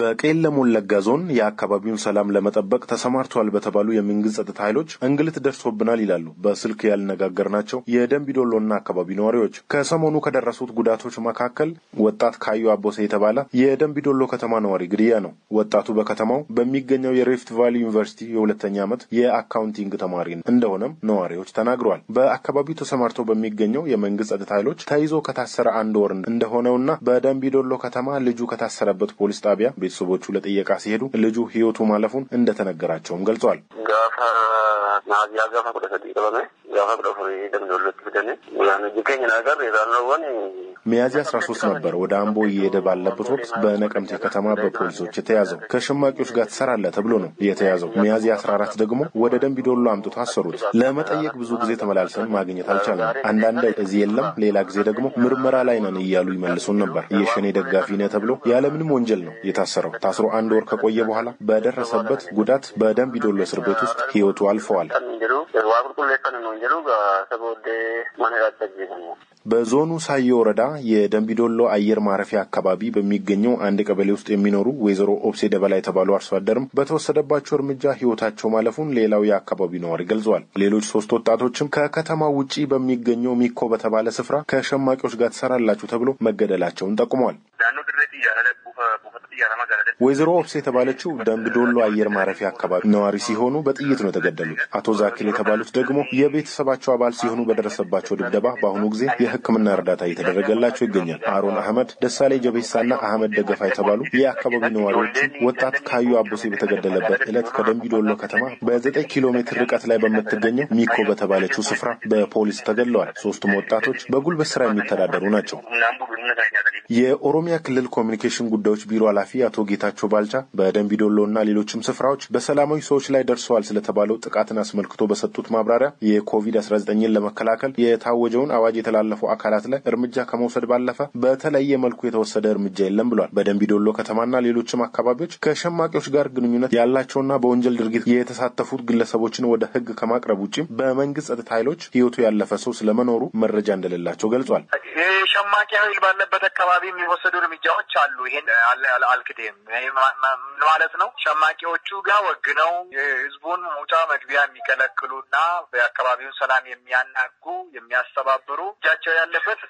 በቄለም ወለጋ ዞን የአካባቢውን ሰላም ለመጠበቅ ተሰማርተዋል በተባሉ የመንግስት ጸጥታ ኃይሎች እንግልት ደርሶብናል ይላሉ በስልክ ያልነጋገርናቸው የደንቢዶሎና አካባቢ ነዋሪዎች። ከሰሞኑ ከደረሱት ጉዳቶች መካከል ወጣት ካዩ አቦሰ የተባለ የደንቢዶሎ ከተማ ነዋሪ ግድያ ነው። ወጣቱ በከተማው በሚገኘው የሪፍት ቫሊ ዩኒቨርሲቲ የሁለተኛ ዓመት የአካውንቲንግ ተማሪ እንደሆነም ነዋሪዎች ተናግረዋል። በአካባቢው ተሰማርቶ በሚገኘው የመንግስት ጸጥታ ኃይሎች ተይዞ ከታሰረ አንድ ወር እንደሆነውና በደንቢዶሎ ከተማ ልጁ ከታሰረበት ፖሊስ ጣቢያ ታዲያ ቤተሰቦቹ ለጥየቃ ሲሄዱ ልጁ ህይወቱ ማለፉን እንደተነገራቸውም ገልጸዋል። ጋፋ ሚያዝያ 13 ነበር ወደ አምቦ እየሄደ ባለበት ወቅት በነቀምቴ ከተማ በፖሊሶች የተያዘው። ከሸማቂዎች ጋር ትሰራለ ተብሎ ነው የተያዘው። ሚያዝያ 14 ደግሞ ወደ ደንቢዶሎ አምጥቶ አሰሩት። ለመጠየቅ ብዙ ጊዜ ተመላልሰን ማግኘት አልቻለም። አንዳንድ እዚህ የለም፣ ሌላ ጊዜ ደግሞ ምርመራ ላይ ነን እያሉ ይመልሱን ነበር። የሸኔ ደጋፊ ነ ተብሎ ያለምንም ወንጀል ነው የታሰረው። ታስሮ አንድ ወር ከቆየ በኋላ በደረሰበት ጉዳት በደንቢዶሎ እስር ቤት ውስጥ ህይወቱ አልፈዋል። በዞኑ ሳየ ወረዳ የደንቢዶሎ አየር ማረፊያ አካባቢ በሚገኘው አንድ ቀበሌ ውስጥ የሚኖሩ ወይዘሮ ኦብሴ ደበላ የተባሉ አርሶ አደርም በተወሰደባቸው እርምጃ ህይወታቸው ማለፉን ሌላው የአካባቢው ነዋሪ ገልጿል። ሌሎች ሶስት ወጣቶችም ከከተማው ውጪ በሚገኘው ሚኮ በተባለ ስፍራ ከሸማቂዎች ጋር ትሰራላችሁ ተብሎ መገደላቸውን ጠቁመዋል። ወይዘሮ ኦፍሴ የተባለችው ደምቢዶሎ አየር ማረፊያ አካባቢ ነዋሪ ሲሆኑ በጥይት ነው የተገደሉት። አቶ ዛኪል የተባሉት ደግሞ የቤተሰባቸው አባል ሲሆኑ በደረሰባቸው ድብደባ በአሁኑ ጊዜ የሕክምና እርዳታ እየተደረገላቸው ይገኛል። አሮን አህመድ፣ ደሳሌ ጀቤሳና አህመድ ደገፋ የተባሉ የአካባቢ ነዋሪዎችን ወጣት ካዩ አቦሴ በተገደለበት ዕለት ከደምቢዶሎ ከተማ በዘጠኝ ኪሎ ሜትር ርቀት ላይ በምትገኘው ሚኮ በተባለችው ስፍራ በፖሊስ ተገድለዋል። ሶስቱም ወጣቶች በጉልበት ስራ የሚተዳደሩ ናቸው። የኦሮሚያ ክልል ኮሚኒኬሽን ጉዳዮች ቢሮ ኃላፊ አቶ ጌታቸው ባልቻ በደንቢዶሎና ሌሎችም ስፍራዎች በሰላማዊ ሰዎች ላይ ደርሰዋል ስለተባለው ጥቃትን አስመልክቶ በሰጡት ማብራሪያ የኮቪድ-19ን ለመከላከል የታወጀውን አዋጅ የተላለፉ አካላት ላይ እርምጃ ከመውሰድ ባለፈ በተለየ መልኩ የተወሰደ እርምጃ የለም ብሏል። በደንቢዶሎ ከተማና ሌሎችም አካባቢዎች ከሸማቂዎች ጋር ግንኙነት ያላቸውና በወንጀል ድርጊት የተሳተፉት ግለሰቦችን ወደ ሕግ ከማቅረብ ውጭም በመንግስት ጸጥታ ኃይሎች ህይወቱ ያለፈ ሰው ስለመኖሩ መረጃ እንደሌላቸው ገልጿል። ሸማቂ ኃይል ባለበት አካባቢ የሚወሰዱ እርምጃዎች አሉ። ይሄን አልክዴም ማለት ነው። ሸማቂዎቹ ጋር ነው የህዝቡን መውጫ መግቢያ የሚከለክሉ እና በአካባቢውን ሰላም የሚያናጉ የሚያስተባብሩ እጃቸው ያለበት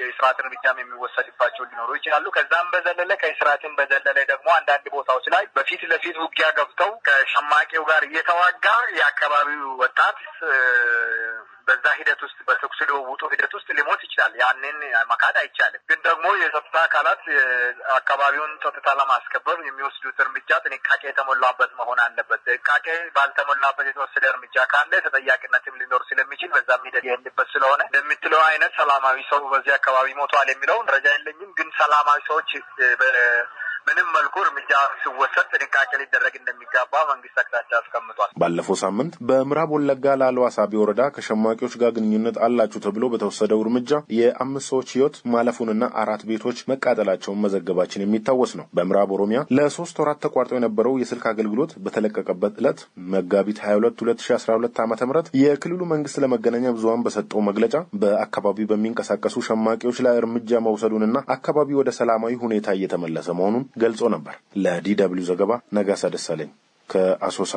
የእስራት እርምጃም የሚወሰድባቸው ሊኖሩ ይችላሉ። ከዛም በዘለለ ከስርዓትን በዘለለ ደግሞ አንዳንድ ቦታዎች ላይ በፊት ለፊት ውጊያ ገብተው ከሸማቂው ጋር እየተዋጋ የአካባቢው ወጣት በዛ ሂደት ውስጥ በተኩስ ልውውጡ ሂደት ውስጥ ሊሞት ይችላል። ያንን መካድ አይቻልም። ግን ደግሞ የጸጥታ አካላት አካባቢውን ጸጥታ ለማስከበር የሚወስዱት እርምጃ ጥንቃቄ የተሞላበት መሆን አለበት። ጥንቃቄ ባልተሞላበት የተወሰደ እርምጃ ካለ ተጠያቂነትም ሊኖር ስለሚችል በዛም ሂደት ይህንበት ስለሆነ እንደምትለው አይነት ሰላማዊ ሰው በዚህ አካባቢ ሞቷል የሚለው መረጃ የለኝም። ግን ሰላማዊ ሰዎች ምንም መልኩ እርምጃ ሲወሰድ ጥንቃቄ ሊደረግ እንደሚገባ መንግስት አቅጣጫ አስቀምጧል። ባለፈው ሳምንት በምዕራብ ወለጋ ላሉ አሳቢ ወረዳ ከሸማቂዎች ጋር ግንኙነት አላችሁ ተብሎ በተወሰደው እርምጃ የአምስት ሰዎች ህይወት ማለፉንና አራት ቤቶች መቃጠላቸውን መዘገባችን የሚታወስ ነው። በምዕራብ ኦሮሚያ ለሶስት ወራት ተቋርጦ የነበረው የስልክ አገልግሎት በተለቀቀበት ዕለት መጋቢት 22 2012 ዓ ም የክልሉ መንግስት ለመገናኛ ብዙሀን በሰጠው መግለጫ በአካባቢው በሚንቀሳቀሱ ሸማቂዎች ላይ እርምጃ መውሰዱንና አካባቢው ወደ ሰላማዊ ሁኔታ እየተመለሰ መሆኑን ገልጾ ነበር። ለዲ ደብልዩ ዘገባ ነጋሳ ደሳለኝ ከአሶሳ